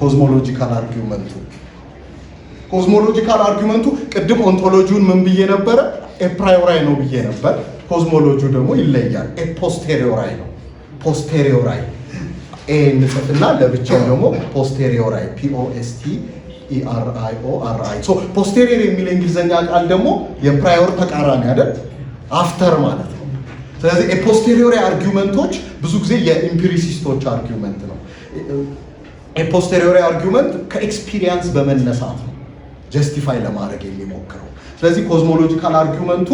ኮዝሞሎጂካል አርጊመንቱ ኮዝሞሎጂካል አርጊመንቱ ቅድም ኦንቶሎጂውን ምን ብዬ ነበረ? ኤፕራዮራይ ነው ብዬ ነበር። ኮዝሞሎጂው ደግሞ ይለያል። ኤፖስቴሪዮራይ ነው። ፖስቴሪዮራይ ኤ ንጽፍና ለብቻው ደግሞ ፖስቴሪዮራይ ፒኦኤስቲ ኢአርአይኦአርአይ ሶ ፖስቴሪየር የሚል እንግሊዝኛ ቃል ደግሞ የፕራዮር ተቃራኒ አይደል? አፍተር ማለት ነው። ስለዚህ ኤፖስቴሪዮራይ አርጊመንቶች ብዙ ጊዜ የኢምፒሪሲስቶች አርጊመንት ነው። የፖስቴሪዮሪ አርጊመንት ከኤክስፒሪየንስ በመነሳት ነው ጀስቲፋይ ለማድረግ የሚሞክረው። ስለዚህ ኮዝሞሎጂካል አርጊመንቱ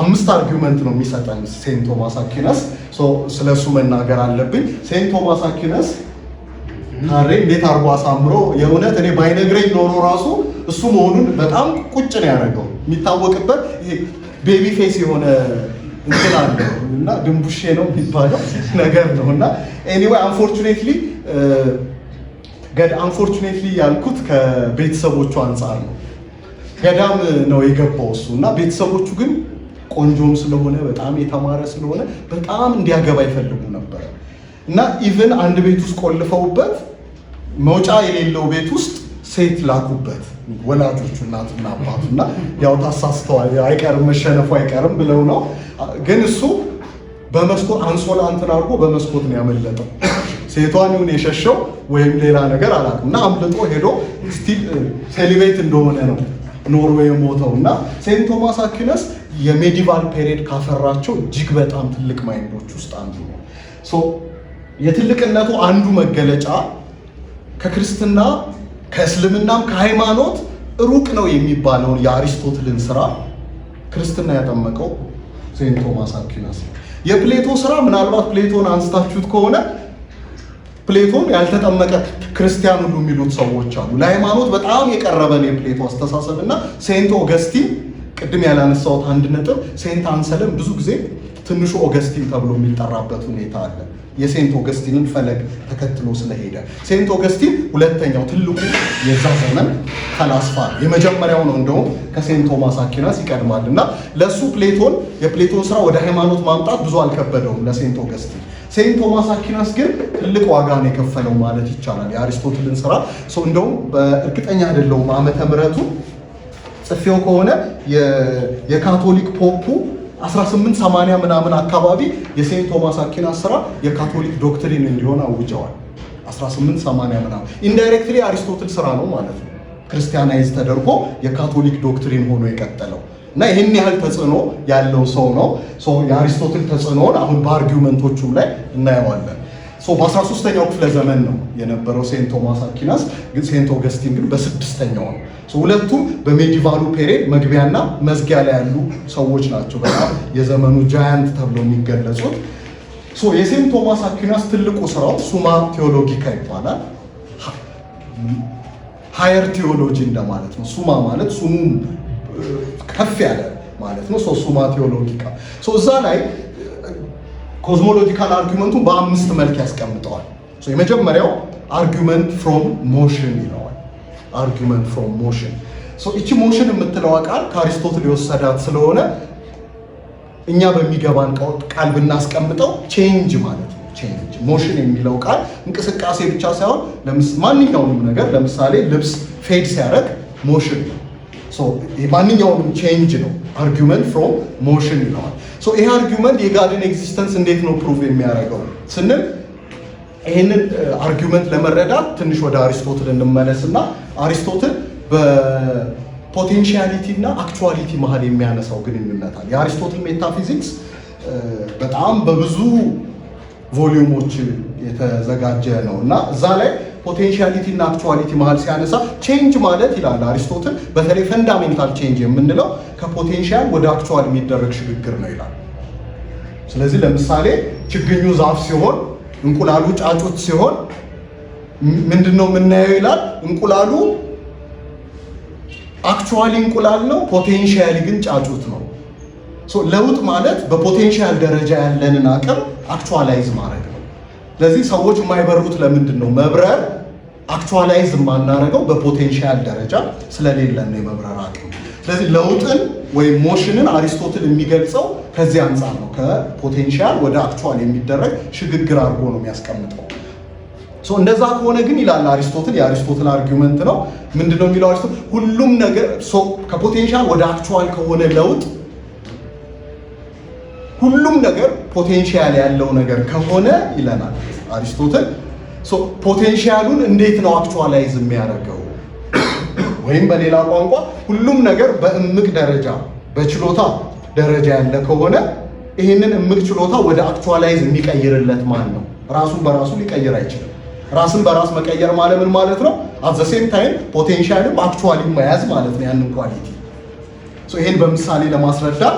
አምስት አርጊመንት ነው የሚሰጠን ሴንት ቶማስ አኪነስ። ስለ እሱ መናገር አለብኝ። ሴንት ቶማስ አኪነስ ካሬ እንዴት አርጎ አሳምሮ የእውነት እኔ ባይነግረኝ ኖሮ ራሱ እሱ መሆኑን በጣም ቁጭ ነው ያደረገው። የሚታወቅበት ቤቢ ፌስ የሆነ እንትን አለው እና ድንቡሼ ነው የሚባለው ነገር ነው እና ኤኒዌይ አንፎርቹኔትሊ ገድ አንፎርቹኔትሊ ያልኩት ከቤተሰቦቹ አንጻር ነው። ገዳም ነው የገባው እሱ እና ቤተሰቦቹ ግን ቆንጆም ስለሆነ በጣም የተማረ ስለሆነ በጣም እንዲያገባ ይፈልጉ ነበር እና ኢቨን አንድ ቤት ውስጥ ቆልፈውበት መውጫ የሌለው ቤት ውስጥ ሴት ላኩበት ወላጆቹ እናትና አባቱ እና ያው ታሳስተዋል፣ አይቀርም መሸነፉ አይቀርም ብለው ነው። ግን እሱ በመስኮት አንሶላ እንትን አድርጎ በመስኮት ነው ያመለጠው። ሴቷን ይሁን የሸሸው ወይም ሌላ ነገር አላውቅም። እና አምልጦ ሄዶ ስቲል ሴሊቤት እንደሆነ ነው ኖርዌይ ሞተው እና ሴንት ቶማስ አኪነስ የሜዲቫል ፔሪድ ካፈራቸው እጅግ በጣም ትልቅ ማይንዶች ውስጥ አንዱ ነው። ሶ የትልቅነቱ አንዱ መገለጫ ከክርስትና ከእስልምናም ከሃይማኖት ሩቅ ነው የሚባለውን የአሪስቶትልን ስራ ክርስትና ያጠመቀው ሴንት ቶማስ አኪነስ የፕሌቶ ስራ ምናልባት ፕሌቶን አንስታችሁት ከሆነ ፕሌቶን ያልተጠመቀ ክርስቲያን ሁሉ የሚሉት ሰዎች አሉ። ለሃይማኖት በጣም የቀረበ ነው የፕሌቶ አስተሳሰብ እና ሴንት ኦገስቲን ቅድም ያላነሳሁት አንድ ነጥብ ሴንት አንሰለም ብዙ ጊዜ ትንሹ ኦገስቲን ተብሎ የሚጠራበት ሁኔታ አለ። የሴንት ኦገስቲንን ፈለግ ተከትሎ ስለሄደ ሴንት ኦገስቲን ሁለተኛው ትልቁ የዛ ዘመን ፈላስፋ የመጀመሪያው ነው። እንደውም ከሴንት ቶማስ አኪናስ ይቀድማል እና ለእሱ ፕሌቶን የፕሌቶን ስራ ወደ ሃይማኖት ማምጣት ብዙ አልከበደውም ለሴንት ኦገስቲን። ሴንት ቶማስ አኪናስ ግን ትልቅ ዋጋ ነው የከፈለው ማለት ይቻላል የአሪስቶትልን ስራ። እንደውም በእርግጠኛ አይደለሁም ዓመተ ምሕረቱ ጽፌው ከሆነ የካቶሊክ ፖፑ 1880 ምናምን አካባቢ የሴንት ቶማስ አኪናስ ስራ የካቶሊክ ዶክትሪን እንዲሆን አውጀዋል። 1880 ምናምን ኢንዳይሬክትሊ አሪስቶትል ስራ ነው ማለት ነው። ክርስቲያናይዝ ተደርጎ የካቶሊክ ዶክትሪን ሆኖ የቀጠለው እና ይህን ያህል ተጽዕኖ ያለው ሰው ነው። የአሪስቶትል ተጽዕኖውን አሁን በአርጊመንቶቹም ላይ እናየዋለን። በ13ኛው ክፍለ ዘመን ነው የነበረው ሴንት ቶማስ አኪናስ ግን ሴንት ኦገስቲን ግን በስድስተኛው ነው። ሁለቱም በሜዲቫሉ ፔሬድ መግቢያና መዝጊያ ላይ ያሉ ሰዎች ናቸው። በጣም የዘመኑ ጃያንት ተብለው የሚገለጹት የሴንት ቶማስ አኪናስ ትልቁ ስራው ሱማ ቴዎሎጊካ ይባላል። ሃየር ቴዎሎጂ እንደማለት ነው። ሱማ ማለት ሱሙም ከፍ ያለ ማለት ነው። ሱማ ቴዎሎጊካ እዛ ላይ ኮዝሞሎጂካል አርጊመንቱን በአምስት መልክ ያስቀምጠዋል። የመጀመሪያው አርጊመንት ፍሮም ሞሽን ይለዋል። አርጊመንት ፍሮም ሞሽን እቺ ሞሽን የምትለዋ ቃል ከአሪስቶትል የወሰዳት ስለሆነ እኛ በሚገባን ቃል ብናስቀምጠው ቼንጅ ማለት ነው። ቼንጅ ሞሽን የሚለው ቃል እንቅስቃሴ ብቻ ሳይሆን ማንኛውንም ነገር ለምሳሌ ልብስ ፌድ ሲያደርግ ሞሽን ነው። ማንኛውንም ቼንጅ ነው አርጊመንት ፍሮም ሞሽን ይለዋል። ይሄ አርጊመንት የጋድን ኤግዚስተንስ እንዴት ነው ፕሩቭ የሚያደርገው ስንል ይህንን አርጊመንት uh, ለመረዳት ትንሽ ወደ አሪስቶትል እንመለስ እና አሪስቶትል በፖቴንሺያሊቲ እና አክቹዋሊቲ መሀል የሚያነሳው ግንኙነት አለ። የአሪስቶትል ሜታፊዚክስ uh, በጣም በብዙ ቮሊዩሞች የተዘጋጀ ነው እና እዛ ላይ ፖቴንሻሊቲ እና አክቹዋሊቲ መሀል ሲያነሳ ቼንጅ ማለት ይላል አሪስቶትል፣ በተለይ ፈንዳሜንታል ቼንጅ የምንለው ከፖቴንሻል ወደ አክቹዋል የሚደረግ ሽግግር ነው ይላል። ስለዚህ ለምሳሌ ችግኙ ዛፍ ሲሆን እንቁላሉ ጫጩት ሲሆን ምንድን ነው የምናየው ይላል። እንቁላሉ አክቹዋሊ እንቁላል ነው፣ ፖቴንሻሊ ግን ጫጩት ነው። ለውጥ ማለት በፖቴንሻል ደረጃ ያለንን አቅም አክቹዋላይዝ ማድረግ ነው። ስለዚህ ሰዎች የማይበሩት ለምንድን ነው መብረር አክቹዋላይዝ የማናደርገው በፖቴንሻል ደረጃ ስለሌለን ነው የመብረር አቅም። ስለዚህ ለውጥን ወይም ሞሽንን አሪስቶትል የሚገልጸው ከዚህ አንጻር ነው። ከፖቴንሻል ወደ አክቹዋል የሚደረግ ሽግግር አድርጎ ነው የሚያስቀምጠው። እንደዛ ከሆነ ግን ይላል አሪስቶትል፣ የአሪስቶትል አርጊመንት ነው ምንድነው የሚለው አሪስቶትል ሁሉም ነገር ከፖቴንሻል ወደ አክቹዋል ከሆነ ለውጥ ሁሉም ነገር ፖቴንሻል ያለው ነገር ከሆነ ይለናል አሪስቶትል ፖቴንሻሉን እንዴት ነው አክቹዋላይዝ የሚያደርገው? ወይም በሌላ ቋንቋ ሁሉም ነገር በእምቅ ደረጃ በችሎታ ደረጃ ያለ ከሆነ ይህንን እምቅ ችሎታ ወደ አክቹዋላይዝ የሚቀይርለት ማን ነው? ራሱን በራሱ ሊቀይር አይችልም። ራስን በራስ መቀየር ማለት ምን ማለት ነው? አት ዘ ሴም ታይም ፖቴንሻልም አክቹዋሊ መያዝ ማለት ነው ያንን ኳሊቲ። ይህን በምሳሌ ለማስረዳት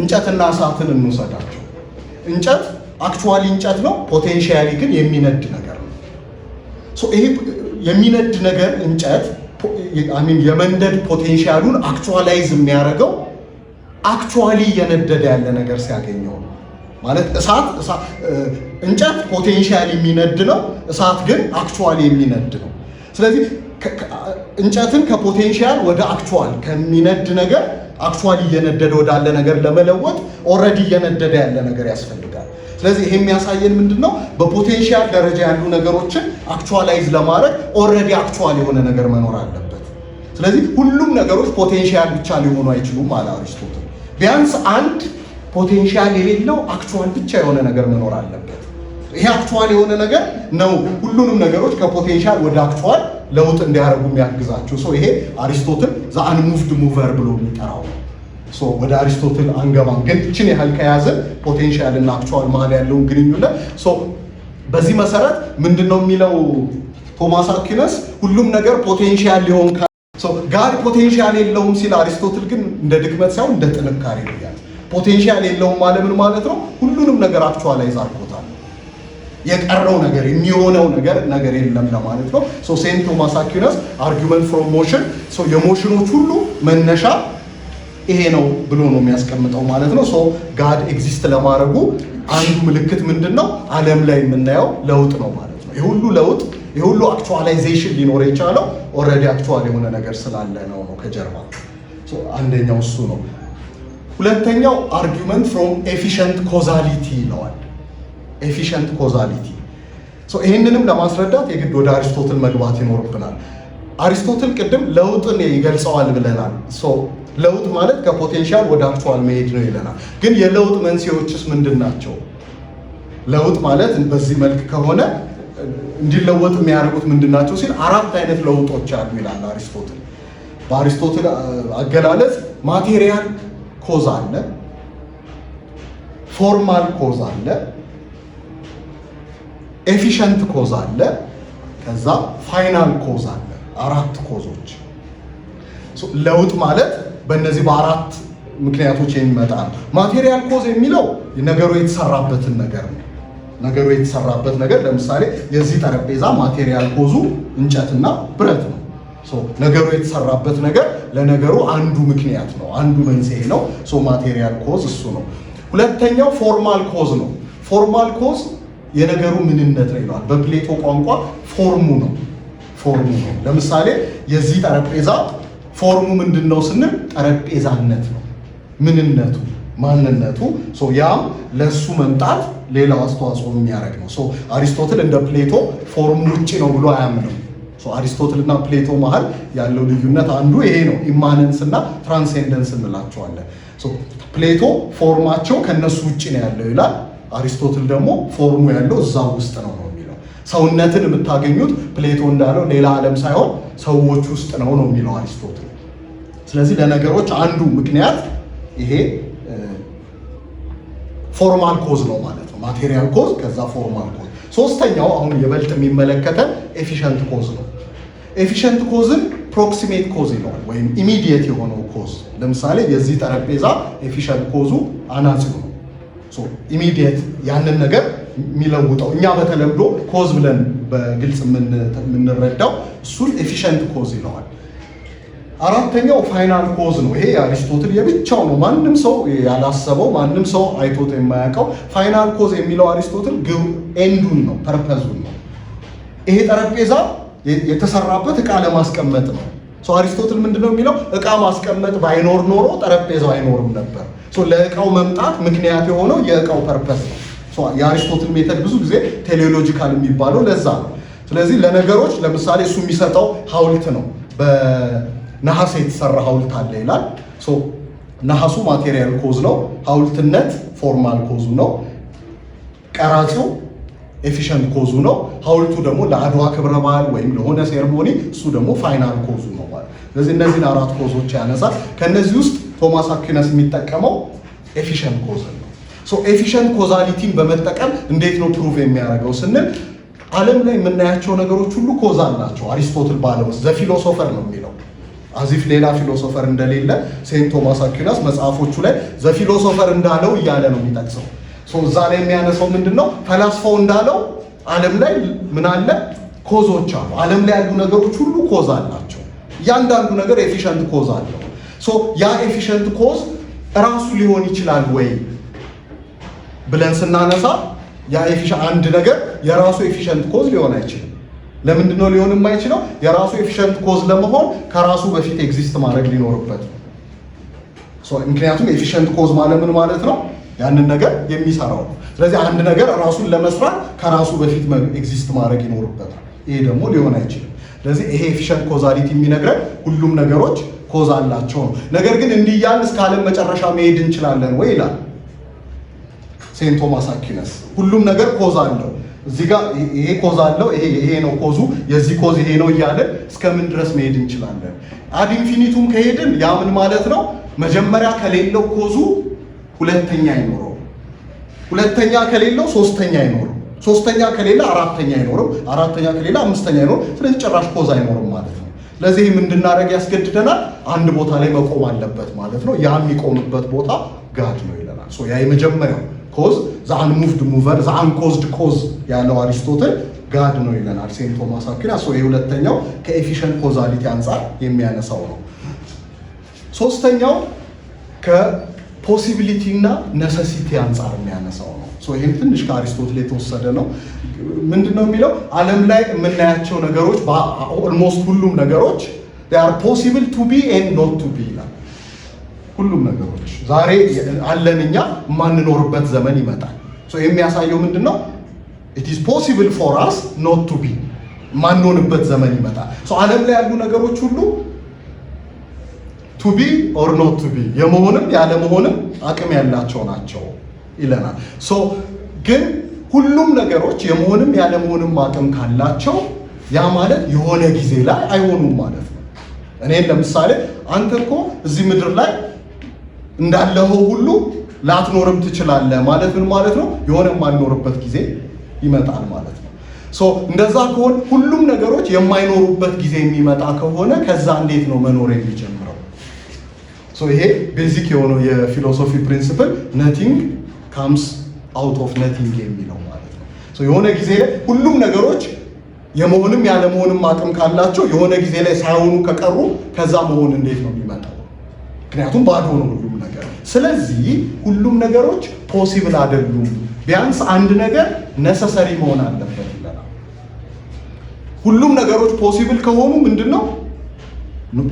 እንጨትና እሳትን እንውሰዳቸው። እንጨት አክቹዋሊ እንጨት ነው፣ ፖቴንሻሊ ግን የሚነድ ነገር ነው። ይሄ የሚነድ ነገር እንጨት ሚን የመንደድ ፖቴንሻሉን አክቹዋላይዝ የሚያደርገው አክቹዋሊ እየነደደ ያለ ነገር ሲያገኘው ነው። ማለት እሳት እንጨት ፖቴንሻሊ የሚነድ ነው፣ እሳት ግን አክቹዋሊ የሚነድ ነው። ስለዚህ እንጨትን ከፖቴንሻል ወደ አክቹዋል ከሚነድ ነገር አክቹዋሊ እየነደደ ወዳለ ነገር ለመለወጥ ኦልሬዲ እየነደደ ያለ ነገር ያስፈልጋል። ስለዚህ ይሄ የሚያሳየን ምንድን ነው? በፖቴንሻል ደረጃ ያሉ ነገሮችን አክቹዋላይዝ ለማድረግ ኦልሬዲ አክቹዋል የሆነ ነገር መኖር አለበት። ስለዚህ ሁሉም ነገሮች ፖቴንሻል ብቻ ሊሆኑ አይችሉም አለ አሪስቶትል። ቢያንስ አንድ ፖቴንሻል የሌለው አክቹዋል ብቻ የሆነ ነገር መኖር አለበት። ይሄ አክቹዋል የሆነ ነገር ነው ሁሉንም ነገሮች ከፖቴንሻል ወደ አክቹዋል ለውጥ እንዲያደርጉ የሚያግዛቸው ሰው ይሄ አሪስቶትል ዘአን ሙቭድ ሙቨር ብሎ የሚጠራው ወደ አሪስቶትል አንገባም፣ ግን ችን ያህል ከያዘን ፖቴንሻል እና አክቹዋል መሀል ያለውን ግንኙነት በዚህ መሰረት ምንድን ነው የሚለው ቶማስ አኪነስ ሁሉም ነገር ፖቴንሻል ሊሆን ጋድ ፖቴንሻል የለውም ሲል አሪስቶትል ግን እንደ ድክመት ሳይሆን እንደ ጥንካሬ ነው ፖቴንሻል የለውም ማለት ማለት ነው? ሁሉንም ነገር አክቹዋላይዝ አድርጎ የቀረው ነገር የሚሆነው ነገር ነገር የለም ለማለት ነው። ሴንት ቶማስ አኪነስ አርጊመንት ፍሮም ሞሽን የሞሽኖች ሁሉ መነሻ ይሄ ነው ብሎ ነው የሚያስቀምጠው ማለት ነው። ሶ ጋድ ኤግዚስት ለማድረጉ አንዱ ምልክት ምንድን ነው? ዓለም ላይ የምናየው ለውጥ ነው ማለት ነው። የሁሉ ለውጥ የሁሉ አክቹዋላይዜሽን ሊኖር የቻለው ኦልሬዲ አክቹዋል የሆነ ነገር ስላለ ነው ነው ከጀርባ አንደኛው እሱ ነው። ሁለተኛው አርጊመንት ፍሮም ኤፊሽንት ኮዛሊቲ ይለዋል። ኤፊሽንት ኮዛሊቲ። ይህንንም ለማስረዳት የግድ ወደ አሪስቶትል መግባት ይኖርብናል። አሪስቶትል ቅድም ለውጥን ይገልጸዋል ብለናል። ለውጥ ማለት ከፖቴንሻል ወደ አክቹዋል መሄድ ነው ይለናል። ግን የለውጥ መንስኤዎችስ ምንድን ናቸው? ለውጥ ማለት በዚህ መልክ ከሆነ እንዲለወጥ የሚያደርጉት ምንድን ናቸው ሲል አራት አይነት ለውጦች አሉ ይላል አሪስቶትል። በአሪስቶትል አገላለጽ ማቴሪያል ኮዝ አለ፣ ፎርማል ኮዝ አለ ኤፊሸንት ኮዝ አለ፣ ከዛ ፋይናል ኮዝ አለ። አራት ኮዞች ለውጥ ማለት በእነዚህ በአራት ምክንያቶች የሚመጣ ነው። ማቴሪያል ኮዝ የሚለው ነገሩ የተሰራበትን ነገር ነው። ነገሩ የተሰራበት ነገር ለምሳሌ የዚህ ጠረጴዛ ማቴሪያል ኮዙ እንጨትና ብረት ነው። ነገሩ የተሰራበት ነገር ለነገሩ አንዱ ምክንያት ነው፣ አንዱ መንስኤ ነው። ማቴሪያል ኮዝ እሱ ነው። ሁለተኛው ፎርማል ኮዝ ነው። ፎርማል ኮዝ የነገሩ ምንነት ነው ይለዋል። በፕሌቶ ቋንቋ ፎርሙ ነው ፎርሙ ነው። ለምሳሌ የዚህ ጠረጴዛ ፎርሙ ምንድን ነው ስንል ጠረጴዛነት ነው ምንነቱ ማንነቱ ያም ለሱ መምጣት ሌላው አስተዋጽኦ የሚያደርግ ነው። አሪስቶትል እንደ ፕሌቶ ፎርም ውጭ ነው ብሎ አያምንም። አሪስቶትል እና ፕሌቶ መሀል ያለው ልዩነት አንዱ ይሄ ነው። ኢማነንስ እና ትራንሴንደንስ እንላቸዋለን። ፕሌቶ ፎርማቸው ከነሱ ውጭ ነው ያለው ይላል። አሪስቶትል ደግሞ ፎርሙ ያለው እዛው ውስጥ ነው ነው የሚለው ሰውነትን የምታገኙት ፕሌቶ እንዳለው ሌላ ዓለም ሳይሆን ሰዎች ውስጥ ነው ነው የሚለው አሪስቶትል። ስለዚህ ለነገሮች አንዱ ምክንያት ይሄ ፎርማል ኮዝ ነው ማለት ነው። ማቴሪያል ኮዝ፣ ከዛ ፎርማል ኮዝ። ሶስተኛው አሁን የበልጥ የሚመለከተን ኤፊሸንት ኮዝ ነው። ኤፊሸንት ኮዝን ፕሮክሲሜት ኮዝ ይለዋል፣ ወይም ኢሚዲየት የሆነው ኮዝ። ለምሳሌ የዚህ ጠረጴዛ ኤፊሽንት ኮዙ አናጺው ኢሚዲየት ያንን ነገር የሚለውጠው እኛ በተለምዶ ኮዝ ብለን በግልጽ የምንረዳው እሱን ኤፊሸንት ኮዝ ይለዋል። አራተኛው ፋይናል ኮዝ ነው። ይሄ አሪስቶትል የብቻው ነው። ማንም ሰው ያላሰበው ማንም ሰው አይቶት የማያውቀው ፋይናል ኮዝ የሚለው አሪስቶትል ግብ ኤንዱን ነው፣ ፐርፐዙን ነው። ይሄ ጠረጴዛ የተሰራበት እቃ ለማስቀመጥ ነው። ሰው አሪስቶትል ምንድነው የሚለው? እቃ ማስቀመጥ ባይኖር ኖሮ ጠረጴዛው አይኖርም ነበር። ለእቃው መምጣት ምክንያት የሆነው የእቃው ፐርፐስ ነው። የአሪስቶትል ሜተድ ብዙ ጊዜ ቴሌሎጂካል የሚባለው ለዛ ነው። ስለዚህ ለነገሮች ለምሳሌ እሱ የሚሰጠው ሀውልት ነው። በነሐስ የተሰራ ሀውልት አለ ይላል። ነሐሱ ማቴሪያል ኮዝ ነው። ሀውልትነት ፎርማል ኮዙ ነው። ቀራጺው ኤፊሽንት ኮዙ ነው። ሀውልቱ ደግሞ ለአድዋ ክብረ በዓል ወይም ለሆነ ሴርሞኒ እሱ ደግሞ ፋይናል ኮዙ ነው ማለት። ስለዚህ እነዚህን አራት ኮዞች ያነሳል። ከእነዚህ ውስጥ ቶማስ አኪነስ የሚጠቀመው ኤፊሽንት ኮዝ ነው። ኤፊሽንት ኮዛሊቲን በመጠቀም እንዴት ነው ፕሩቭ የሚያደርገው ስንል ዓለም ላይ የምናያቸው ነገሮች ሁሉ ኮዛ ናቸው። አሪስቶትል ባለው ዘ ፊሎሶፈር ነው የሚለው አዚፍ ሌላ ፊሎሶፈር እንደሌለ ሴንት ቶማስ አኪናስ መጽሐፎቹ ላይ ዘ ፊሎሶፈር እንዳለው እያለ ነው የሚጠቅሰው እዛ ላይ የሚያነሳው ምንድን ነው? ፈላስፋው እንዳለው ዓለም ላይ ምን አለ? ኮዞች አሉ። ዓለም ላይ ያሉ ነገሮች ሁሉ ኮዝ አላቸው። እያንዳንዱ ነገር ኤፊሸንት ኮዝ አለው። ያ ኤፊሸንት ኮዝ እራሱ ሊሆን ይችላል ወይ ብለን ስናነሳ አንድ ነገር የራሱ ኤፊሸንት ኮዝ ሊሆን አይችልም። ለምንድን ነው ሊሆን የማይችለው? የራሱ ኤፊሸንት ኮዝ ለመሆን ከራሱ በፊት ኤግዚስት ማድረግ ሊኖርበት። ምክንያቱም ኤፊሽንት ኮዝ ማለት ምን ማለት ነው? ያንን ነገር የሚሰራው ነው። ስለዚህ አንድ ነገር ራሱን ለመስራት ከራሱ በፊት ኤግዚስት ማድረግ ይኖርበታል። ይሄ ደግሞ ሊሆን አይችልም። ስለዚህ ይሄ ኤፊሸንት ኮዛሊቲ የሚነግረን ሁሉም ነገሮች ኮዝ አላቸው ነው። ነገር ግን እንዲህ እያልን እስከ ዓለም መጨረሻ መሄድ እንችላለን ወይ ይላል ሴንት ቶማስ አኪነስ። ሁሉም ነገር ኮዝ አለው እዚህ ጋር ይሄ ኮዝ አለው፣ ይሄ ይሄ ነው ኮዙ፣ የዚህ ኮዝ ይሄ ነው እያለ እስከምን ድረስ መሄድ እንችላለን? አድ ኢንፊኒቱም ከሄድን ያ ምን ማለት ነው? መጀመሪያ ከሌለው ኮዙ ሁለተኛ አይኖረው። ሁለተኛ ከሌለው ሶስተኛ አይኖረው። ሶስተኛ ከሌለ አራተኛ አይኖረው። አራተኛ ከሌለ አምስተኛ አይኖረው። ስለዚህ ጭራሽ ፖዝ አይኖርም ማለት ነው። ለዚህም እንድናደርግ ያስገድደናል። አንድ ቦታ ላይ መቆም አለበት ማለት ነው። ያ የሚቆምበት ቦታ ጋድ ነው ይለናል። ሶ ያ የመጀመሪያው ኮዝ ዘአን ሙቭድ ሙቨር ዘአን ኮዝድ ኮዝ ያለው አሪስቶትል ጋድ ነው ይለናል። ሴንት ቶማስ አኪናስ የሁለተኛው ከኤፊሽንት ኮዛሊቲ አንጻር የሚያነሳው ነው። ሶስተኛው ፖሲቢሊቲ እና ነሰሲቲ አንጻር የሚያነሳው ነው። ይህም ትንሽ ከአሪስቶትል የተወሰደ ነው። ምንድን ነው የሚለው ዓለም ላይ የምናያቸው ነገሮች ኦልሞስት ሁሉም ነገሮች ር ፖሲብል ቱ ቢ ኤን ኖት ቱ ቢ ይላል። ሁሉም ነገሮች ዛሬ አለን እኛ የማንኖርበት ዘመን ይመጣል። የሚያሳየው ምንድን ነው ኢት ኢዝ ፖሲብል ፎር አስ ኖት ቱ ቢ ማንሆንበት ዘመን ይመጣል። ዓለም ላይ ያሉ ነገሮች ሁሉ ቱቢ ኦር ኖት ቱቢ የመሆንም ያለመሆንም አቅም ያላቸው ናቸው ይለናል። ሶ ግን ሁሉም ነገሮች የመሆንም ያለመሆንም አቅም ካላቸው ያ ማለት የሆነ ጊዜ ላይ አይሆኑም ማለት ነው። እኔን ለምሳሌ አንተ እኮ እዚህ ምድር ላይ እንዳለኸው ሁሉ ላትኖርም ትችላለህ ማለት ምን ማለት ነው? የሆነ የማልኖርበት ጊዜ ይመጣል ማለት ነው። ሶ እንደዛ ከሆነ ሁሉም ነገሮች የማይኖሩበት ጊዜ የሚመጣ ከሆነ ከዛ እንዴት ነው መኖር የሚጀምረው? ይሄ ቤዚክ የሆነው የፊሎሶፊ ፕሪንስፕል ነቲንግ ካምስ አውት ኦፍ ነቲንግ የሚለው ማለት ነው። የሆነ ጊዜ ላይ ሁሉም ነገሮች የመሆንም ያለመሆንም አቅም ካላቸው የሆነ ጊዜ ላይ ሳይሆኑ ከቀሩ ከዛ መሆን እንዴት ነው የሚመጣው? ምክንያቱም ባዶ ነው ሁሉም ነገር። ስለዚህ ሁሉም ነገሮች ፖሲብል አይደሉም። ቢያንስ አንድ ነገር ነሰሰሪ መሆን አለበት ይለናል። ሁሉም ነገሮች ፖሲብል ከሆኑ ምንድን ነው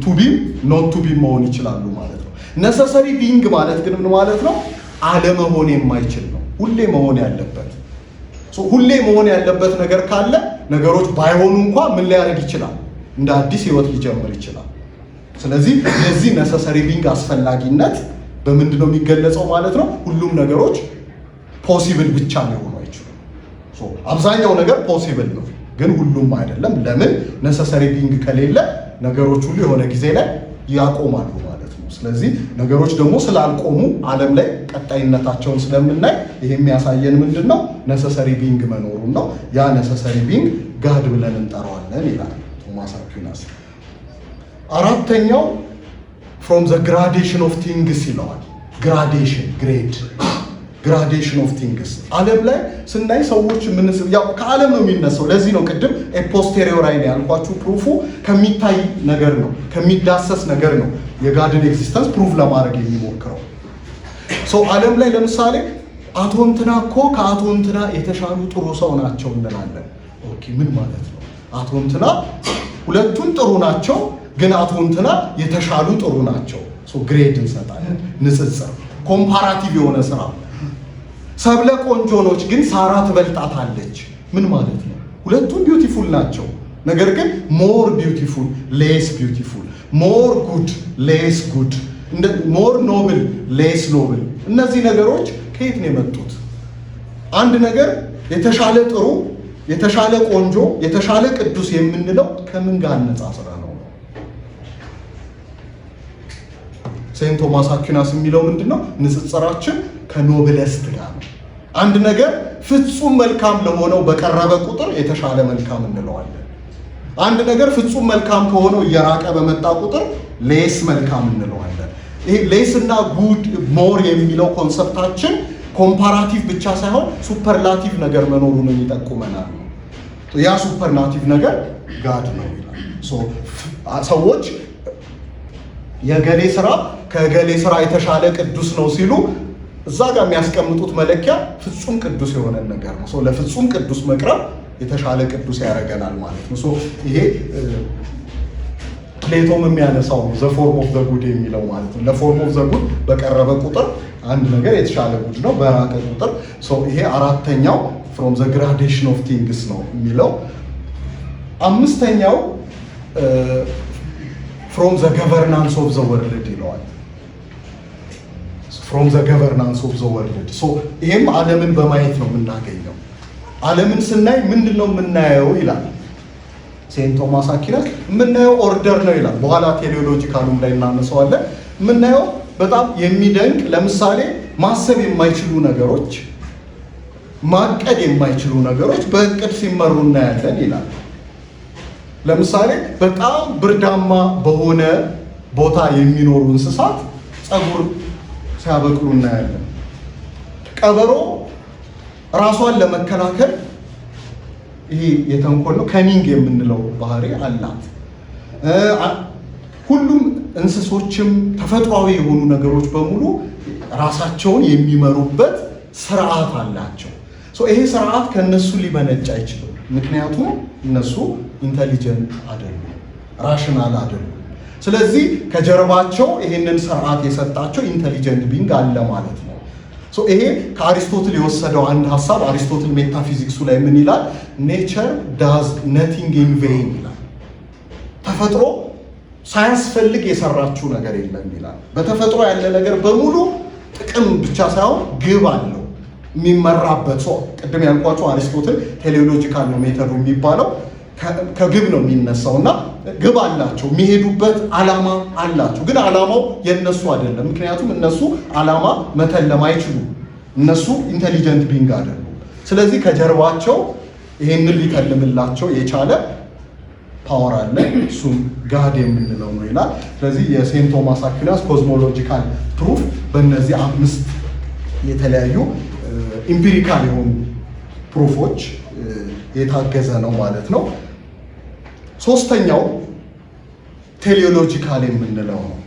ቱቢም ኖት ቱቢም መሆን ይችላሉ ማለት ነው። ነሰሰሪ ቢንግ ማለት ግን ምን ማለት ነው? አለመሆን የማይችል ነው። ሁሌ መሆን ያለበት ሁሌ መሆን ያለበት ነገር ካለ ነገሮች ባይሆኑ እንኳ ምን ሊያደርግ ይችላል? እንደ አዲስ ህይወት ሊጀምር ይችላል። ስለዚህ የዚህ ነሰሰሪ ቢንግ አስፈላጊነት በምንድን ነው የሚገለጸው ማለት ነው? ሁሉም ነገሮች ፖሲብል ብቻ ሊሆኑ አይችሉም። አብዛኛው ነገር ፖሲብል ነው፣ ግን ሁሉም አይደለም። ለምን ነሰሰሪ ቢንግ ከሌለ ነገሮች ሁሉ የሆነ ጊዜ ላይ ያቆማሉ ማለት ነው። ስለዚህ ነገሮች ደግሞ ስላልቆሙ ዓለም ላይ ቀጣይነታቸውን ስለምናይ ይህ የሚያሳየን ምንድን ነው? ነሰሰሪ ቢንግ መኖሩን ነው። ያ ነሰሰሪ ቢንግ ጋድ ብለን እንጠራዋለን ይላል ቶማስ አኩናስ። አራተኛው ፍሮም ዘ ግራዴሽን ኦፍ ቲንግስ ይለዋል። ግራዴሽን ግሬድ ግራዴሽን ኦፍ ቲንግስ ዓለም ላይ ስናይ ሰዎች የምንስብ ያው ከዓለም ነው የሚነሳው። ለዚህ ነው ቅድም ፖስቴሪዮራይ አይ ያልኳችሁ ፕሩፉ ከሚታይ ነገር ነው ከሚዳሰስ ነገር ነው የጋድን ኤግዚስተንስ ፕሩፍ ለማድረግ የሚሞክረው ሰው ዓለም ላይ ለምሳሌ አቶንትና እኮ ከአቶንትና የተሻሉ ጥሩ ሰው ናቸው እንላለን። ኦኬ ምን ማለት ነው? አቶንትና ሁለቱም ጥሩ ናቸው፣ ግን አቶንትና የተሻሉ ጥሩ ናቸው። ግሬድ እንሰጣለን። ንጽጽር ኮምፓራቲቭ የሆነ ስራ ሰብለ ነች፣ ግን ሳራ ትበልጣታለች። ምን ማለት ነው? ሁለቱም ቢዩቲፉል ናቸው። ነገር ግን ሞር ቢዩቲፉል ሌስ ቢዩቲፉል፣ ሞር ጉድ ሌስ ጉድ፣ ሞር ኖብል ሌስ ኖብል። እነዚህ ነገሮች ከየት ነው የመጡት? አንድ ነገር የተሻለ ጥሩ፣ የተሻለ ቆንጆ፣ የተሻለ ቅዱስ የምንለው ከምን ጋር አነጻጽረ ነው? ሴንት ቶማስ አኪናስ የሚለው ምንድነው? ንጽጽራችን ከኖብለስት ጋር ነው። አንድ ነገር ፍጹም መልካም ለሆነው በቀረበ ቁጥር የተሻለ መልካም እንለዋለን። አንድ ነገር ፍጹም መልካም ከሆነው እየራቀ በመጣ ቁጥር ሌስ መልካም እንለዋለን። ይሄ ሌስ እና ጉድ ሞር የሚለው ኮንሰፕታችን ኮምፓራቲቭ ብቻ ሳይሆን ሱፐርላቲቭ ነገር መኖሩንም ይጠቁመናል። ያ ሱፐርላቲቭ ነገር ጋድ ነው ይላል። ሰዎች የገሌ ስራ ከገሌ ስራ የተሻለ ቅዱስ ነው ሲሉ እዛ ጋር የሚያስቀምጡት መለኪያ ፍጹም ቅዱስ የሆነን ነገር ነው። ለፍጹም ቅዱስ መቅረብ የተሻለ ቅዱስ ያደርገናል ማለት ነው። ይሄ ፕሌቶም የሚያነሳው ነው፣ ዘፎርም ኦፍ ዘጉድ የሚለው ማለት ነው። ለፎርም ኦፍ ዘጉድ በቀረበ ቁጥር አንድ ነገር የተሻለ ጉድ ነው፣ በራቀ ቁጥር ይሄ አራተኛው ፍሮም ዘ ግራዴሽን ኦፍ ቲንግስ ነው የሚለው። አምስተኛው ፍሮም ዘ ገቨርናንስ ኦፍ ዘ ወርልድ ፍሮም ዘ ገቨርናንስ ኦፍ ዘ ወርልድ። ይህም ዓለምን በማየት ነው የምናገኘው። ዓለምን ስናይ ምንድን ነው የምናየው ይላል ሴንት ቶማስ አኪናስ። የምናየው ኦርደር ነው ይላል። በኋላ ቴሌሎጂካሉም ላይ እናነሰዋለን። የምናየው በጣም የሚደንቅ ለምሳሌ ማሰብ የማይችሉ ነገሮች፣ ማቀድ የማይችሉ ነገሮች በእቅድ ሲመሩ እናያለን ይላል። ለምሳሌ በጣም ብርዳማ በሆነ ቦታ የሚኖሩ እንስሳት ፀጉር ሲያበቅሉ እናያለን። ቀበሮ ራሷን ለመከላከል ይሄ የተንኮል ነው ከኒንግ የምንለው ባህሪ አላት። ሁሉም እንስሶችም ተፈጥሯዊ የሆኑ ነገሮች በሙሉ ራሳቸውን የሚመሩበት ስርዓት አላቸው። ይሄ ስርዓት ከእነሱ ሊመነጭ አይችልም። ምክንያቱም እነሱ ኢንተሊጀንት አይደሉም፣ ራሽናል አይደሉም። ስለዚህ ከጀርባቸው ይህንን ስርዓት የሰጣቸው ኢንተሊጀንት ቢንግ አለ ማለት ነው። ይሄ ከአሪስቶትል የወሰደው አንድ ሀሳብ አሪስቶትል ሜታፊዚክሱ ላይ ምን ይላል? ኔቸር ዳዝ ነቲንግ ኢን ቬይን ይላል። ተፈጥሮ ሳያስፈልግ የሰራችው ነገር የለም ይላል። በተፈጥሮ ያለ ነገር በሙሉ ጥቅም ብቻ ሳይሆን ግብ አለው የሚመራበት። ሰው ቅድም ያልኳቸው አሪስቶትል ቴሌሎጂካል ነው ሜተዱ የሚባለው ከግብ ነው የሚነሳው እና ግብ አላቸው፣ የሚሄዱበት ዓላማ አላቸው። ግን ዓላማው የእነሱ አይደለም። ምክንያቱም እነሱ ዓላማ መተለም አይችሉም። እነሱ ኢንቴሊጀንት ቢንግ አይደሉም። ስለዚህ ከጀርባቸው ይህንን ሊተልምላቸው የቻለ ፓወር አለ። እሱም ጋድ የምንለው ነው ይላል። ስለዚህ የሴንት ቶማስ አኩናስ ኮዝሞሎጂካል ፕሩፍ በእነዚህ አምስት የተለያዩ ኢምፒሪካል የሆኑ ፕሩፎች የታገዘ ነው ማለት ነው። ሶስተኛው ቴሌሎጂካል የምንለው ነው።